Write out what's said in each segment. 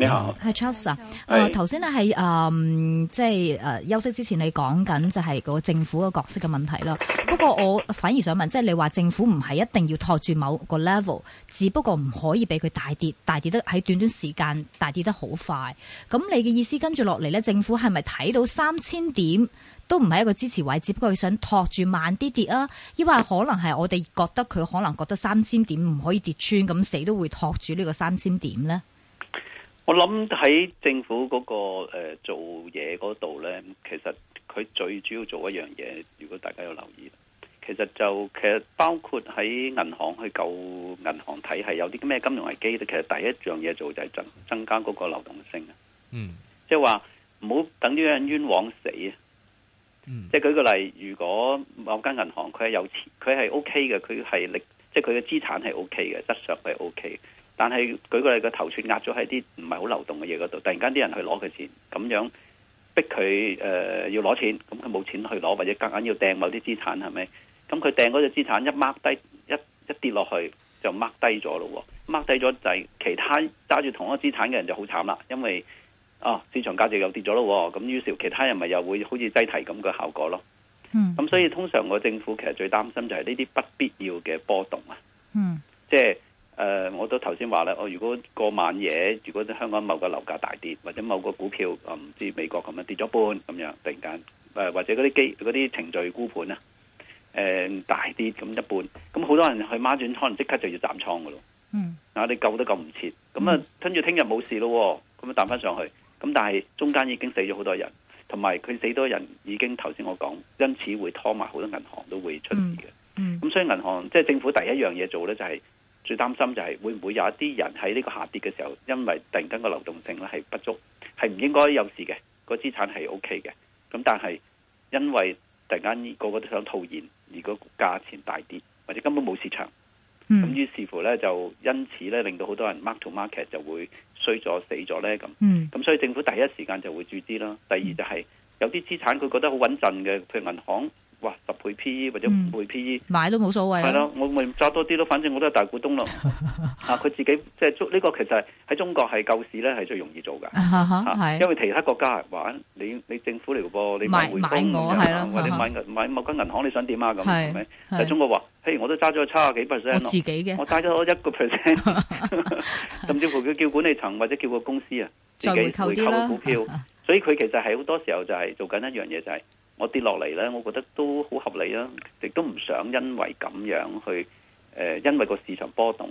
你好，係 Charles 啊。誒、um, 就是，頭先咧喺誒，即係誒休息之前，你講緊就係個政府嘅角色嘅問題啦。不過我反而想問，即、就、係、是、你話政府唔係一定要托住某個 level，只不過唔可以俾佢大跌，大跌得喺短短時間大跌得好快。咁你嘅意思跟住落嚟呢，政府係咪睇到三千點都唔係一個支持位，只不過佢想托住慢啲跌啊？抑或可能係我哋覺得佢可能覺得三千點唔可以跌穿，咁死都會托住呢個三千點呢？我諗喺政府嗰、那個誒、呃、做嘢嗰度呢，其實佢最主要做一樣嘢。如果大家有留意，其實就其實包括喺銀行去救銀行體，睇係有啲咩金融危機。其實第一樣嘢做就係增增加嗰個流動性啊。即係話唔好等呢樣冤枉死啊。即係、嗯、舉個例，如果某間銀行佢係有錢，佢係 O K 嘅，佢係力，即係佢嘅資產係 O K 嘅，質素係 O K。但係，舉個你個頭寸壓咗喺啲唔係好流動嘅嘢嗰度，突然間啲人去攞佢錢，咁樣逼佢誒、呃、要攞錢，咁佢冇錢去攞，或者夾硬要掟某啲資產，係咪？咁佢掟嗰隻資產一掹低，一一跌落去就掹低咗咯。掹低咗就係其他揸住同一個資產嘅人就好慘啦，因為啊市場價值又跌咗咯。咁於是其他人咪又會好似擠提咁嘅效果咯。嗯。咁所以通常個政府其實最擔心就係呢啲不必要嘅波動啊。嗯。即係。誒、呃，我都頭先話啦，哦，如果過晚夜，如果香港某個樓價大跌，或者某個股票，啊唔知美國咁樣跌咗半咁樣，突然間誒、呃，或者嗰啲機嗰啲程序沽盤啊，誒、呃、大跌咁一半，咁好多人去孖轉倉，即刻就要斬倉㗎咯。嗯，啊，你救都救唔切，咁啊，跟住聽日冇事咯，咁啊彈翻上去，咁但係中間已經死咗好多人，同埋佢死多人已經頭先我講，因此會拖埋好多銀行都會出事嘅、嗯。嗯，咁所以銀行即係、就是、政府第一樣嘢做咧、就是，就係。最擔心就係會唔會有一啲人喺呢個下跌嘅時候，因為突然間個流動性咧係不足，係唔應該有事嘅、個資產係 OK 嘅。咁但係因為突然間個個都想套現，如果價錢大跌或者根本冇市場，咁、mm. 於是乎呢，就因此呢，令到好多人 mark to market 就會衰咗死咗呢。咁。咁、mm. 所以政府第一時間就會注資啦。第二就係有啲資產佢覺得好穩陣嘅，譬如銀行。哇十倍 P E 或者五倍 P E 買都冇所謂，係咯，我咪揸多啲咯，反正我都係大股東咯。啊，佢自己即係中呢個其實喺中國係救市咧，係最容易做噶。因為其他國家玩你，你政府嚟嘅噃，你買匯豐係咯，或者買銀買某間銀行，你想點啊咁係咪？中國話，嘿，我都揸咗七啊幾 percent，我自己嘅，我揸咗一個 percent，甚至乎佢叫管理層或者叫個公司啊，自己回購股票。所以佢其實係好多時候就係做緊一樣嘢就係。我跌落嚟呢，我覺得都好合理啦，啊，亦都唔想因為咁樣去，呃、因為個市場波動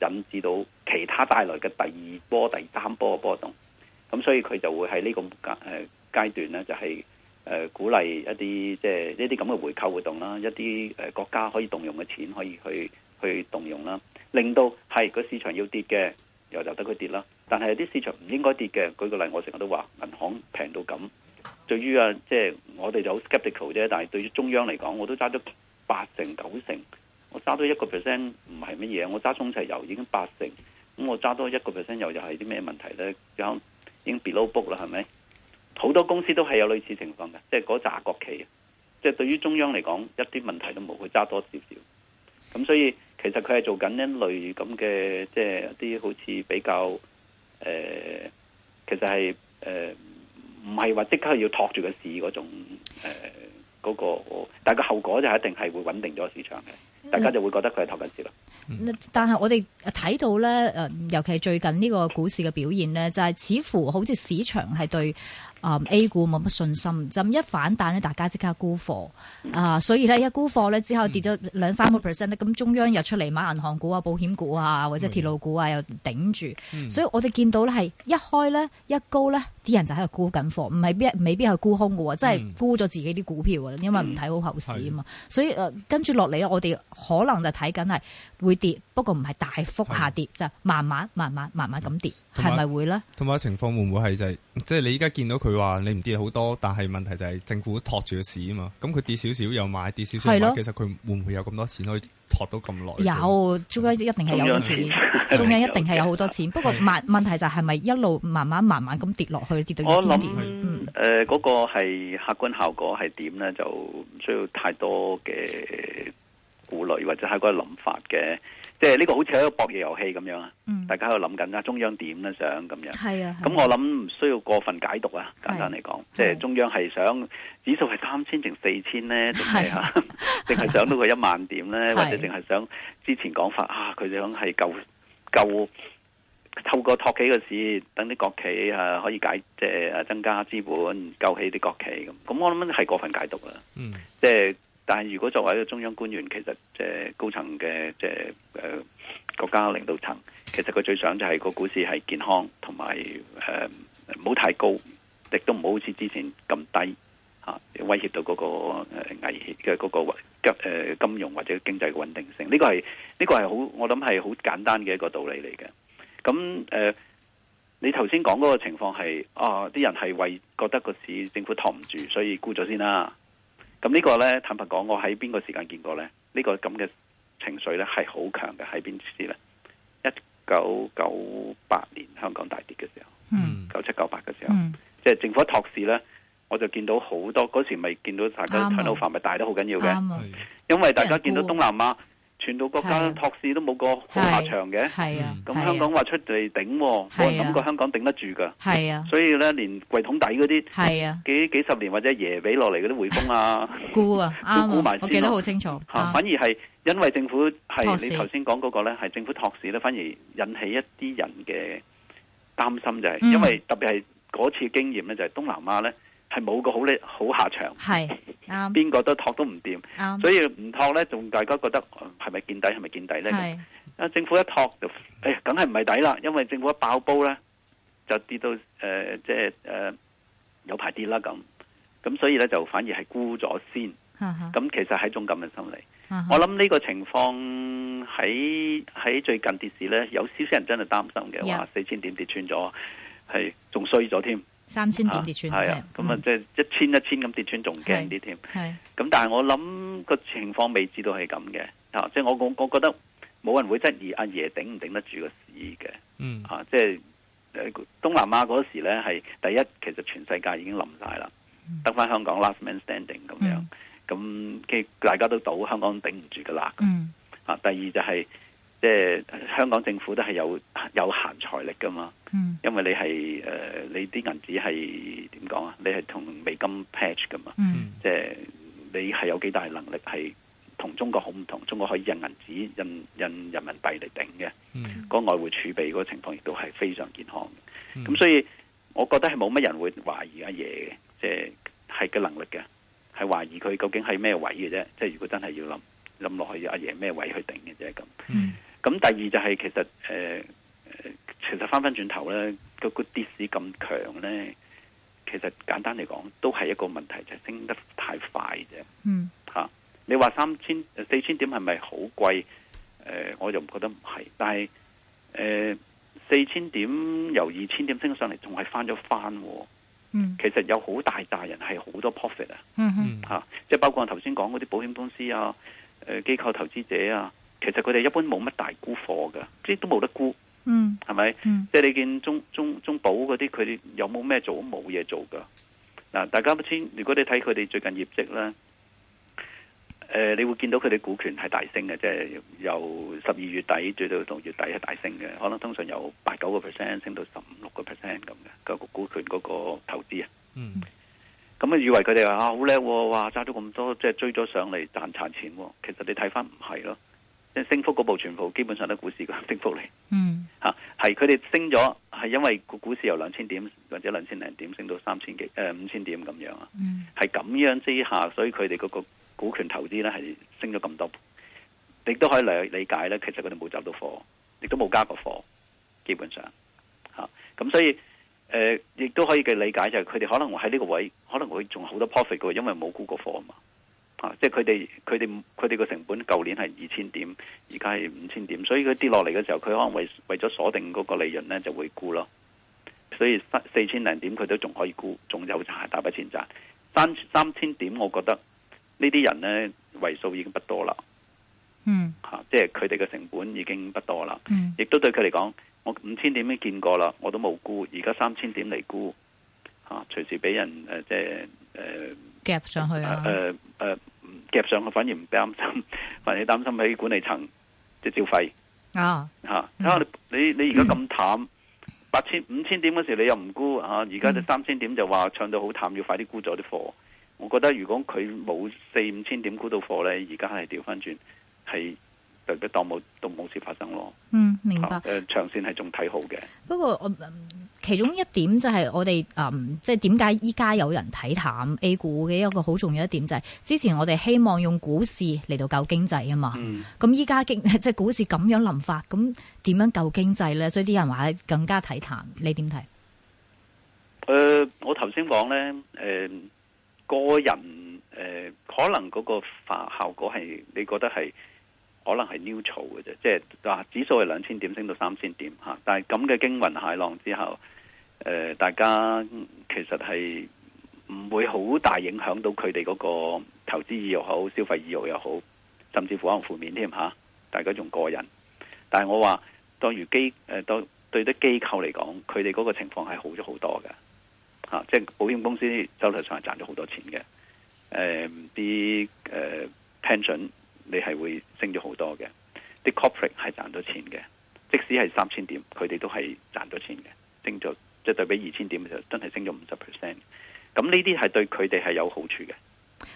而引致到其他帶來嘅第二波、第三波嘅波動。咁所以佢就會喺呢個階段呢，就係、是呃、鼓勵一啲即係呢啲咁嘅回購活動啦，一啲誒國家可以動用嘅錢可以去去動用啦，令到係、個市場要跌嘅，又由得佢跌啦。但係有啲市場唔應該跌嘅，舉個例我，我成日都話銀行平到咁。對於啊，即係我哋就好 skeptical 啫。但係對於中央嚟講，我都揸咗八成九成，我揸多一個 percent 唔係乜嘢。我揸中石油已經八成，咁我揸多一個 percent 油又係啲咩問題咧？咁已經 below book 啦，係咪？好多公司都係有類似情況嘅，即係嗰紮國企。即係對於中央嚟講，一啲問題都冇，佢揸多少少。咁所以其實佢係做緊一類咁嘅，即係啲好似比較、呃、其實係唔係話即刻要托住個市嗰種誒嗰、呃嗰個，但個後果就一定係會穩定咗個市場嘅，大家就會覺得佢係托緊市啦。嗯嗯、但係我哋睇到咧誒，尤其係最近呢個股市嘅表現咧，就係、係、似乎好似市場係對。Uh, A 股冇乜信心，就一反彈咧，大家即刻沽貨啊！Uh, 所以咧，一沽貨咧之後跌咗兩三個 percent，咁中央又出嚟買銀行股啊、保險股啊或者鐵路股啊，又頂住。嗯、所以我哋見到咧係一開咧一高咧，啲人就喺度沽緊貨，唔係未必係沽空㗎喎，即係沽咗自己啲股票㗎啦，因為唔睇好後市啊嘛。嗯、所以跟住落嚟我哋可能就睇緊係，會跌，不過唔係大幅下跌，的就慢慢、慢慢、慢慢咁跌，係咪有會咧？同埋情況會唔會係就係、是，即、就、係、是、你而家見到佢話你唔跌好多，但係問題就係政府托住個市啊嘛，咁佢跌少少又買，跌少少又買，其實佢會唔會有咁多錢可以托到咁耐？的就有，中央一定係有錢，中央，有中央一定係有好多錢，的不過問題就係咪一路慢慢慢慢咁跌落去，跌到二千點？誒，嗰個係客觀效果係點咧？就唔需要太多嘅。顧慮或者係個諗法嘅，即係呢個好似一個博弈遊戲咁樣，嗯、大家喺度諗緊啊，中央點咧想咁樣，、嗯、樣？係啊的。咁我諗唔需要過分解讀啊。簡單嚟講，即係的中央係想指數係三千定四千咧，定係定係上到佢一萬點咧？是的或者定係想之前講法的啊？佢哋想係救救透過托起個市，等啲國企啊可以解即係、呃、增加資本，救起啲國企咁。咁我諗係過分解讀啦。嗯，即係、就是。但係如果作為一個中央官員，其實即係高層嘅即係誒國家領導層，其實佢最想就係個股市係健康，同埋唔好太高，亦都唔好似之前咁低嚇，威脅到嗰個危險嘅嗰、嗰個金融或者經濟嘅穩定性。呢、呢個係呢、呢個係好，我諗係好簡單嘅一個道理嚟嘅。咁誒，你頭先講嗰個情況係啊，啲人係為覺得個市政府托唔住，所以沽咗先啦。咁呢個咧坦白講，我喺邊個時間見過咧？這個、呢個咁嘅情緒咧係好強嘅，喺邊時咧？一九九八年香港大跌嘅時候，嗯，九七九八嘅時候，即係、嗯、政府托市咧，我就見到好多嗰、嗯、時咪見到大家睇到房咪大得好緊要嘅，啊、因為大家見到東南亞、啊。傳到國家託市都冇個好下場嘅，係啊，咁香港話出嚟頂喎，我感覺香港頂得住㗎。係啊，所以咧連櫃桶底嗰啲係啊，幾幾十年或者爺俾落嚟嗰啲匯豐啊，沽啊，都沽埋。我記得好清楚。反而係因為政府係你頭先講嗰個咧，係政府託市咧，反而引起一啲人嘅擔心就係，因為特別係嗰次經驗咧，就係東南亞咧。係冇個好咧，好下場係啱，邊個都托都唔掂對所以唔托咧，仲大家覺得係咪見底，係咪見底咧？啊是，政府一托就誒，梗係唔係底啦，因為政府一爆煲咧，就跌到誒、呃，即係誒、呃、有排跌啦咁，咁所以咧就反而係沽咗先，咁、uh huh, 其實係種咁嘅心理。Uh、huh, 我諗呢個情況喺喺最近跌市咧，有少少人真係擔心嘅話四千點跌穿咗，係仲衰咗添。三千點跌穿啊，咁啊，即係 Yeah,、嗯、一千一千咁跌穿仲驚啲添。咁但係我諗個情況未知都係咁嘅，啊，即、就、係、是、我我我覺得冇人會質疑阿爺頂唔頂得住個市嘅。嗯，啊，即係誒，啊就是、東南亞嗰時咧係第一，其實全世界已經冧晒啦，嗯、得翻香港 last man standing 咁樣，咁即係大家都賭香港頂唔住嘅啦。嗯，啊，第二就係、是。即係香港政府都係有有限財力噶嘛，嗯、因為你係誒你啲銀紙係點講啊？你係同美金 patch 噶嘛？嗯、即係你係有幾大能力係同中國好唔同？中國可以印銀紙、印印人民幣嚟頂嘅，嗰、嗯、外匯儲備嗰個情況亦都係非常健康的。咁、嗯、所以我覺得係冇乜人會懷疑阿爺嘅，即係係嘅能力嘅，係懷疑佢究竟係咩位嘅啫。即係如果真係要諗諗落去，阿爺咩位去頂嘅啫？咁。嗯咁第二就係、是，其實誒、呃，其實翻翻轉頭咧，嗰個跌市咁強咧，其實簡單嚟講，都係一個問題，就係、是，升得太快啫。嗯，吓、啊，你話三千、四千點係咪好貴？誒，我又唔覺得唔係。但係誒，四、呃、千點由二千點升上嚟，仲係翻咗翻、啊。嗯，其實有好大大人係好多 profit 啊。嗯嗯，吓、啊，即係包括我頭先講嗰啲保險公司啊，誒、呃，機構投資者啊。其實佢哋一般冇乜大沽貨噶，即係都冇得沽，嗯，係咪吧？嗯、即係你見中中中保嗰啲，佢哋有冇咩做冇嘢，做噶。嗱、啊，大家都知，如果你睇佢哋最近業績咧，誒、呃，你會見到佢哋股權係大升嘅，即係由十二月底至到到月底係大升嘅，可能通常由八九個 percent 升到十五六個 percent 咁嘅，的那個股權嗰個投資、嗯、啊，嗯，咁啊，以為佢哋話啊好叻，哇，揸咗咁多，即係追咗上嚟，賺賺錢、哦，其實你睇翻唔係咯。即係升幅嗰部全部基本上都是股市個升幅嚟，嗯吓，係佢哋升咗，係因為股股市由兩千點或者兩千零點升到三千幾誒五千點咁樣啊，係咁、嗯、樣之下，所以佢哋嗰個股權投資咧係升咗咁多，亦都可以理理解咧，其實佢哋冇執到貨，亦都冇加過貨，基本上吓，咁、啊、所以誒亦都可以嘅理解就係佢哋可能喺呢個位，可能會仲好多 profit 嘅，因為冇沽過貨啊嘛。啊、即係佢哋佢哋佢哋個成本舊年係二千點，而家係五千點，所以佢跌落嚟嘅時候，佢可能為為咗鎖定嗰個利潤呢就會沽咯。所以四千零點佢都仲可以沽，仲有賺大把錢賺。三三千點我覺得呢啲人呢，為數已經不多啦。嗯，吓、啊，即係佢哋嘅成本已經不多啦。亦、嗯、都對佢嚟講，我五千點都見過啦，我都冇沽。而家三千點嚟沽，吓、啊，隨時俾人誒，即係誒。呃呃夾上去啊！誒誒、嗯，夾、呃呃、上去反而唔擔心，反而擔心喺管理層即係、就是、照肺啊吓、啊嗯！你你你而家咁淡，八千五千點嗰時你又唔沽，啊！而家就三千點就話唱到好淡，要快啲沽咗啲貨。我覺得如果佢冇四五千點沽到貨咧，而家係調返轉係。都當冇當冇事發生咯。嗯，明白。誒，長線係仲睇好嘅。不過、嗯，我其中一點就係我哋誒，即係點解依家有人睇淡 A 股嘅一個好重要一點，就係之前我哋希望用股市嚟到救經濟啊嘛。咁依家經即係股市咁樣諗法，咁點樣救經濟咧？所以啲人話更加睇淡，你點睇？誒、呃，我頭先講咧，誒、呃、個人誒、呃、可能嗰個效效果係，你覺得係？可能係 neutral 嘅啫，即係嗱，指數係兩千點升到三千點嚇，但係咁嘅驚魂海浪之後，誒、呃，大家其實係唔會好大影響到佢哋嗰個投資意欲又好、消費意欲又好，甚至乎可能負面添嚇、啊。大家仲過人，但係我話當如機誒，當、呃、對啲機構嚟講，佢哋嗰個情況係好咗好多嘅嚇，即、啊、係、就是、保險公司週頭上係賺咗好多錢嘅，誒啲誒 pension。你係會升咗好多嘅，啲 corporate 係賺咗錢嘅，即使係三千點，佢哋都係賺咗錢嘅，升咗即係對比二千點嘅時候，真係升咗五十 percent，咁呢啲係對佢哋係有好處嘅。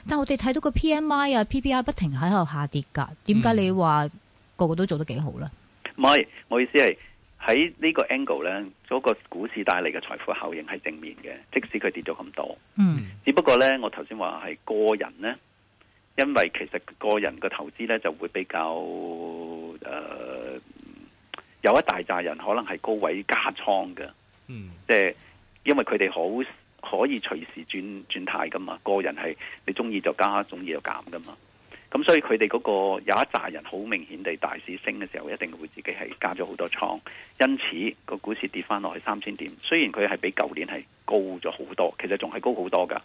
但我哋睇到個 PMI 啊、PPI 不停喺度下跌噶，點解你話、嗯、個個都做得幾好呢？唔係，我意思係喺呢個 angle 呢，嗰、嗰個股市帶嚟嘅財富效應係正面嘅，即使佢跌咗咁多，嗯，只不過呢，我頭先話係個人呢。因為其實個人嘅投資咧就會比較誒、呃、有一大紮人可能係高位加倉嘅，嗯，即係因為佢哋好可以隨時轉轉態噶嘛，個人係你中意就加，中意就減噶嘛。咁所以佢哋嗰個有一紮人好明顯地大市升嘅時候，一定會自己係加咗好多倉。因此個股市跌翻落去三千點，雖然佢係比舊年係高咗好多，其實仲係高好多噶。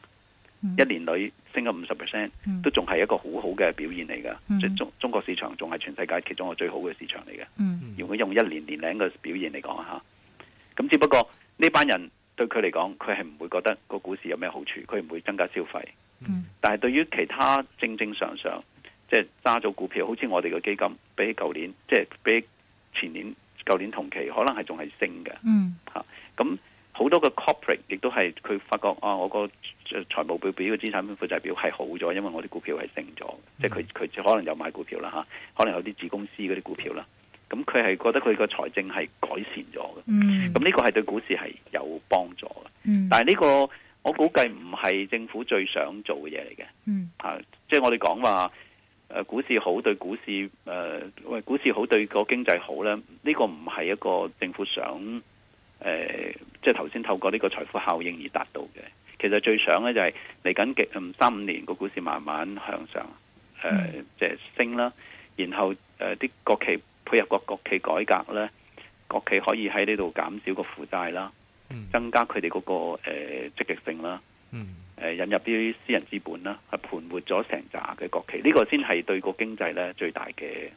一年裏升咗五十 percent，都仲係一個好好嘅表現嚟嘅。即 中中國市場仲係全世界其中個最好嘅市場嚟嘅。如 果用一年年零嘅表現嚟講吓，咁只不過呢班人對佢嚟講，佢係唔會覺得個股市有咩好處，佢唔會增加消費。嗯， 但係對於其他正正常常，即揸咗股票，好似我哋嘅基金，比起舊年，即、即係、比起前年、舊年同期，可能係仲係升嘅。嗯，吓 咁。啊好多嘅 corporate 亦都係佢發覺啊，我個財務報表嘅資產負債表係好咗，因為我啲股票係升咗，嗯、即係佢佢可能有買股票啦嚇、啊，可能有啲子公司嗰啲股票啦，咁佢係覺得佢個財政係改善咗嘅。咁呢、嗯、個係對股市係有幫助嘅。嗯、但係呢個我估計唔係政府最想做嘅嘢嚟嘅。嗯，啊、即係我哋講話，誒股市好對股市誒、呃，股市好對經濟好、個經濟好咧，呢個唔係一個政府想。誒、呃，即係頭先透過呢個財富效應而達到嘅。其實最想咧就係嚟緊嘅，三、嗯、五年個股市慢慢向上，誒、呃，即係、嗯、升啦。然後誒，啲、呃、國企配合個國企改革咧，國企可以喺呢度減少個負債啦，嗯、增加佢哋嗰個誒積極性啦，誒、嗯呃，引入啲私人資本啦，係盤活咗成扎嘅國企。呢、呢個先係對個經濟咧最大嘅。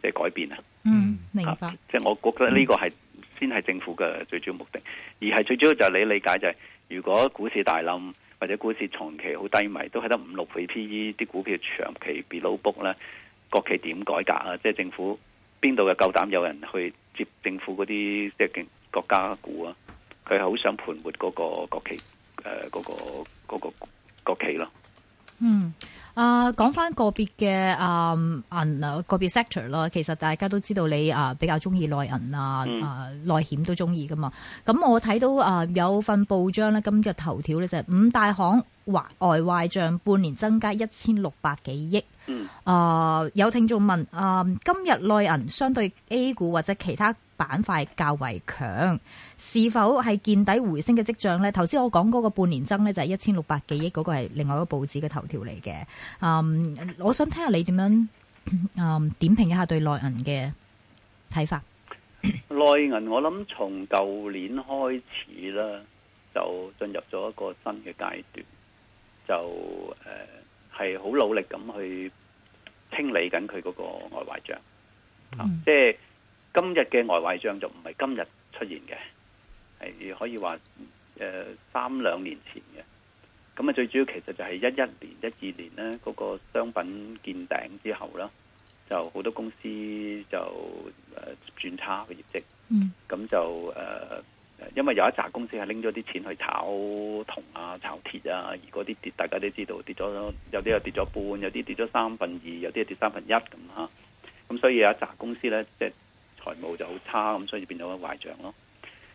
即係改變啊！嗯，明白。即係、啊就是、我覺得呢個係先係政府嘅最主要目的，嗯、而係最主要就係你理解就係、是，如果股市大冧或者股市長期好低迷，都係得五六倍 PE 啲股票長期 below book 咧，國企點改革啊？即、就、係、是、政府邊度嘅夠膽有人去接政府嗰啲即係國家股啊？佢係好想盤活嗰個國企誒嗰、呃那個嗰、那個那個、國企咯。嗯，啊，講翻個別嘅，啊銀啊個別 sector 啦，其實大家都知道你啊比較中意內銀啊啊內險都中意噶嘛，咁、嗯、我睇到啊有份報章呢今日頭條呢就係五大行壞外壞賬半年增加一千六百幾億，嗯、啊有聽眾問啊、嗯、今日內銀相對 A 股，或者其他？板塊較為強，是否係見底回升嘅跡象呢？頭先我講嗰個半年增呢，就係一千六百幾億，嗰個係另外一個報紙嘅頭條嚟嘅。Um, 我想聽下你點樣、um, 點樣點評一下對內銀嘅睇法。內銀我諗從舊年開始啦，就進入咗一個新嘅階段，就誒係好努力咁去清理緊佢嗰個外壞賬，即係、嗯。今日嘅外壞賬就唔係今日出現嘅，係可以話誒三兩年前嘅。咁啊，最主要其實就係一一年、一二年咧，嗰、那個商品見頂之後啦，就好多公司就誒轉、呃、差嘅業績。咁、嗯、就誒、呃，因為有一紮公司係拎咗啲錢去炒銅啊、炒鐵啊，而嗰啲跌，大家都知道跌咗，有啲又跌咗半，有啲跌咗三分二，有啲跌三分一咁啊。咁所以有一紮公司咧，即、就、係、是。財務就好差，咁所以變咗個壞賬咯。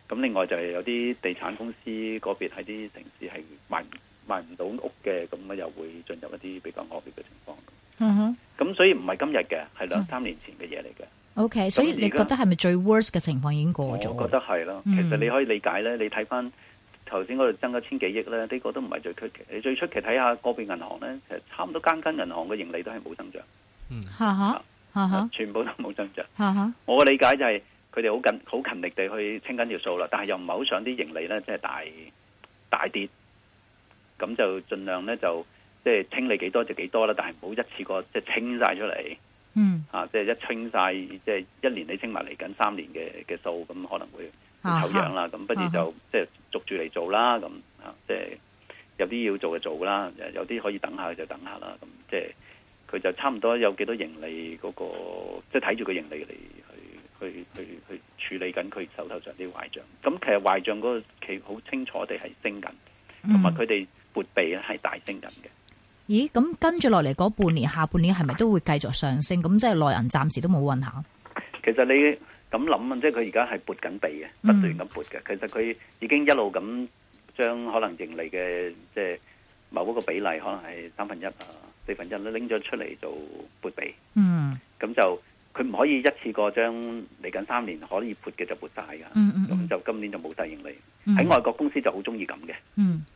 咁另外就係有啲地產公司嗰邊喺啲城市係賣唔賣唔到屋嘅，咁啊又會進入一啲比較惡劣嘅情況。嗯咁哼所以唔係今日嘅，係兩三年前嘅嘢嚟嘅。嗯、o、okay, K，所以你覺得係咪最 w o r s e 嘅情況已經過咗？我覺得係囉。其實你可以理解咧，你睇翻頭先嗰度增咗千幾億咧，呢、這個都唔係最出奇。你最出奇睇下個別銀行咧，其實差唔多間間銀行嘅盈利都係冇增長。嗯，哈哈、嗯。Uh huh. 全部都冇增長。Uh huh. 我嘅理解就係佢哋好緊好勤力地去清緊條數啦，但係又唔係好想啲盈利咧，即、就、係、是、大大跌。咁就盡量咧就即係、就是、清理幾多就幾多啦，但係唔好一次過即係、就是、清晒出嚟。嗯、uh。Huh. 啊，即、就、係、是、一清晒，即、就、係、是、一年你清埋嚟緊三年嘅嘅數，咁可能會醜樣啦。咁、uh huh. 不如就即係、就是、逐住嚟做啦。咁啊，即、就、係、是、有啲要做就做啦，有啲可以等下就等下啦。咁即係。就是佢就差唔多有幾多盈利嗰個，即係睇住佢盈利嚟去去去去處理緊佢手頭上啲壞帳。咁其實壞帳嗰個企好清楚地係升緊，同埋佢哋撥備咧係大升緊嘅。咦？咁跟住落嚟嗰半年、下半年係咪都會繼續上升？咁即係內銀暫時都冇運行？其實你咁諗啊，即係佢而家係撥緊備嘅，不斷咁撥嘅。嗯、其實佢已經一路咁將可能盈利嘅即係某一個比例，可能係三分一啊。四分一都拎咗出嚟做撥備，咁、嗯、就佢唔可以一次過將嚟緊三年可以撥嘅就撥晒㗎，咁、嗯嗯、就今年就冇晒盈利。喺、嗯、外國公司就好中意咁嘅，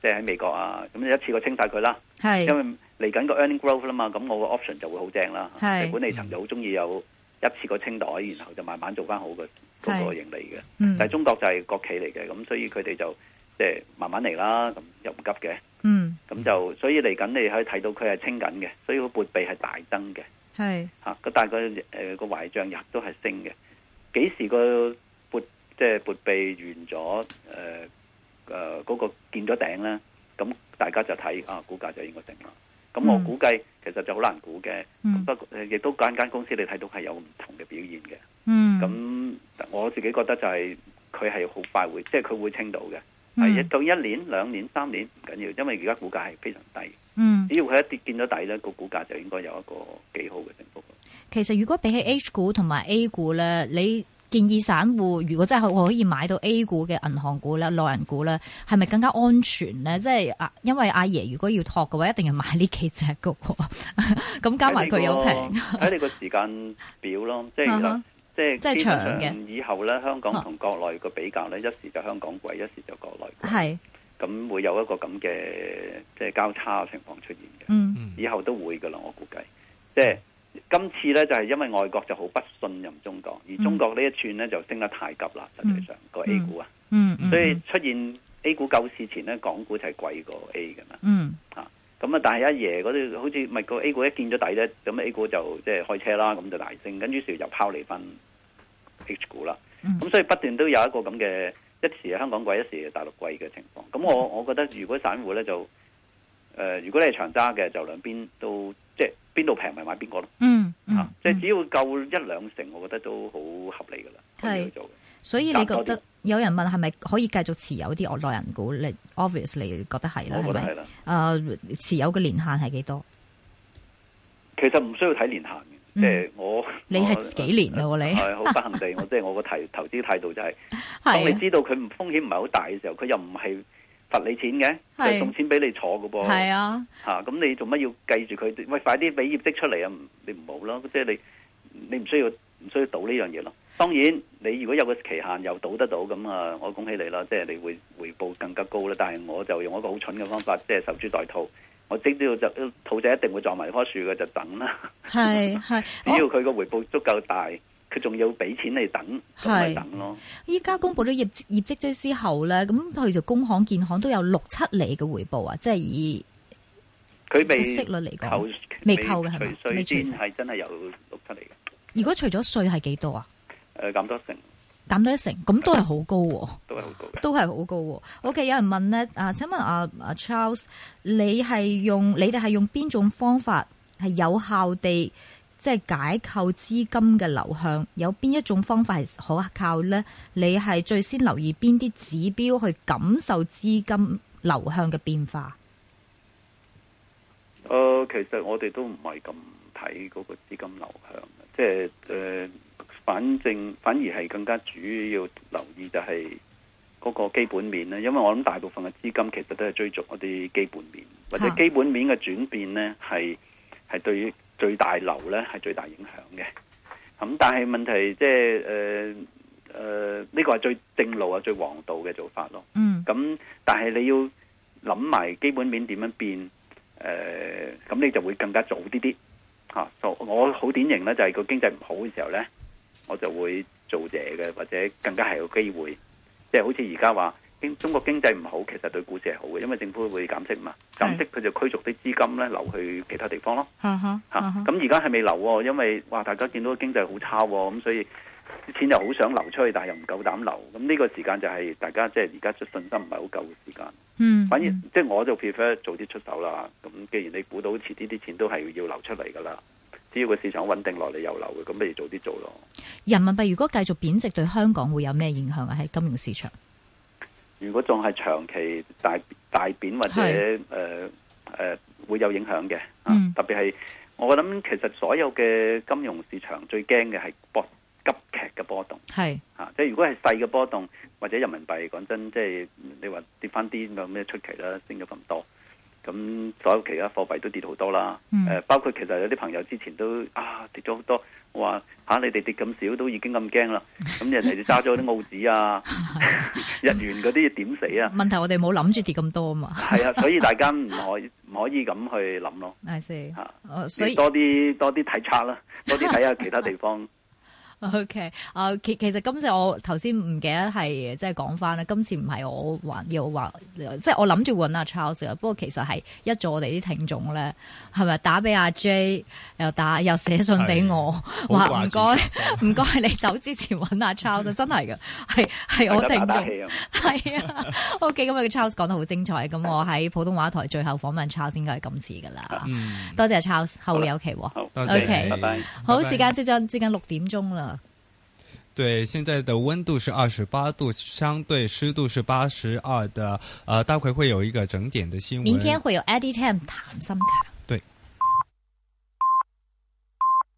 即係喺美國啊，咁一次過清晒佢啦，是因為嚟緊個 earning growth 啦嘛，咁我個 option 就會好正啦，管理是層就好中意有一次過清袋，然後就慢慢做返好嘅嗰個盈利嘅。嗯、但係中國就係國企嚟嘅，咁所以佢哋就即係、就是、慢慢嚟啦，咁又唔急嘅。嗯，咁就所以嚟緊你可以睇到佢係清緊嘅，所以個撥備係大增嘅，係吓係、啊呃、個但、即係呃呃嗰個誒個壞賬亦都係升嘅。幾時個撥即係撥備完咗誒誒嗰個見咗頂咧？咁大家就睇啊，股價就應該升啦。咁我估計、嗯、其實就好難估嘅，嗯、不過亦都間間公司你睇到係有唔同嘅表現嘅。嗯，咁我自己覺得就係佢係好快會即係佢會清到嘅。係一到一年、兩年、三年唔緊要，因為而家股價係非常低。嗯，只要佢一跌見到底咧，個股價就應該有一個幾好嘅升幅。其實如果比起 H 股同埋 A 股咧，你建議散戶如果真係可以買到 A 股嘅銀行股咧、內銀股咧，係咪更加安全咧？即係阿因為阿爺如果要託嘅話，一定要買呢幾隻個喎。咁 加埋佢有平。睇你個時間表咯，即係。 即係通常以後咧，香港同國內個比較咧，啊、一時就香港貴，一時就國內貴，咁是會有一個咁嘅即係交叉情況出現嘅。嗯嗯，以後都會噶啦，我估計。即係今次咧，就係、是、因為外國就好不信任中國，而中國呢一串咧就升得太急啦。嗯、實際上個 A 股啊，嗯所以出現 A 股救市前咧，港股就係貴過 A 嘅啦。嗯，嚇咁啊！但係一夜嗰啲好似唔係個 A 股一見咗底咧，咁 A 股就即係開車啦，咁就大升，跟住隨就拋離分。H 股啦，咁、嗯、所以不斷都有一個咁嘅一時係香港貴，一時，香港貴一時大陸貴嘅情況。咁我我覺得如果散戶咧就，誒、呃，如果你係長揸嘅就兩邊都即係邊度平咪買邊個咯、嗯。嗯，即係、啊嗯、只要夠一兩成，我覺得都好合理噶啦，去做。所以你覺得有人問係咪可以繼續持有啲外來人股？你 obviously 你覺得係啦，係咪？誒、呃，持有嘅年限係幾多？其實唔需要睇年限即係、嗯、我，你係幾年啦？你係好 不幸地，我即係我個投投資態度、就是，就係 當你知道佢唔風險唔係好大嘅時候，佢又唔係罰你錢嘅，係送錢俾你坐嘅噃。係 啊，嚇咁你做乜要記住佢？喂，快啲俾業績出嚟啊！你唔好啦，即係你你唔需要唔需要賭呢樣嘢咯。當然，你如果有個期限又賭得到咁啊，我恭喜你啦！即係你回回報更加高啦。但係我就用一個好蠢嘅方法，即係守株待兔。我知道就兔仔一定會撞埋棵樹嘅就等啦。係係， 只要佢個回報足夠大，佢仲、哦、要俾錢你等，咁咪是等咯。依家公布咗業業績咗之後咧，咁佢做工行建行都有六七厘嘅回報啊，即係以佢未息率嚟講，未扣嘅係咪？未存係真係有六七厘。如果除咗稅係幾多啊？誒、呃，咁多成。減到一成，咁都係好高喎，都係好高，都係好高喎，O、okay, K，有人問咧，啊，請問啊啊 Charles，你係用你哋係用邊種方法係有效地即係解構資金嘅流向，有邊一種方法係可靠咧？你係最先留意邊啲指標去感受資金流向嘅變化？誒、呃，其實我哋都唔係咁睇嗰個資金流向即係誒。呃反正反而係更加主要留意就係嗰個基本面啦，因為我諗大部分嘅資金其實都係追逐一啲基本面，或者基本面嘅轉變咧，係係對於最大流咧係最大影響嘅。咁、嗯、但係問題即係誒誒呢個係最正路啊，最王道嘅做法咯。嗯。咁但係你要諗埋基本面點樣變誒，咁、呃、你就會更加早啲啲吓。就、啊、我好典型咧，就係個經濟唔好嘅時候咧。我就會做嘢嘅，或者更加係有機會，即、就、係、是、好似而家話經中國經濟唔好，其實對股市係好嘅，因為政府會減息嘛，是減息佢就驅逐啲資金咧流去其他地方咯。咁而家係未流喎、哦，因為哇大家見到經濟好差、哦，咁所以啲錢又好想流出去，但係又唔夠膽流。咁呢個時間就係、是、大家即係而家信心唔係好夠嘅時間。嗯、mm，hmm. 反而即係、就是、我就 prefer 早啲出手啦。咁既然你估到好似呢啲錢都係要流出嚟㗎啦。只要個市場穩定落嚟又流嘅，咁不如早啲做咯。人民幣如果繼續貶值，對香港會有咩影響啊？喺金融市場，如果仲係長期大大貶或者誒誒是、呃呃、會有影響嘅。嗯、特別係我諗，其實所有嘅金融市場最驚嘅係博急劇嘅波動。係吓是、啊，即係如果係細嘅波動，或者人民幣講真，即係你話跌翻啲咁樣咩出奇啦，升咗咁多。咁所有其他貨幣都跌好多啦，嗯、包括其實有啲朋友之前都啊跌咗好多，我話、啊、你哋跌咁少都已經咁驚啦，咁 人哋就揸咗啲澳紙啊、 日元嗰啲點死啊？ 問題我哋冇諗住跌咁多啊嘛，係 啊，所以大家唔可唔可以咁去諗咯，係 see .、uh，啊，所以多啲多啲睇測啦，多啲睇下其他地方。 OK，啊，其其實今次我頭先唔記得係即係講翻啦，今次唔係我還要話，即係我諗住揾阿 Charles，不過其實係一早我哋啲聽眾咧，係咪打俾阿 J，又打又寫信俾我，話唔該唔該，你走之前揾阿 Charles，真係噶，係係我聽眾，係啊，OK，咁啊，Charles 講得好精彩，咁我喺普通話台最後訪問 Charles 應該係今次噶啦，嗯，多謝 Charles，後會有期，喎。OK，拜，好，時間即將接近六點鐘啦。對，現在的溫度是二十八度，相對濕度是八十二的，呃，待會會有一個整點的新聞。明天會有 Eddie Tam 談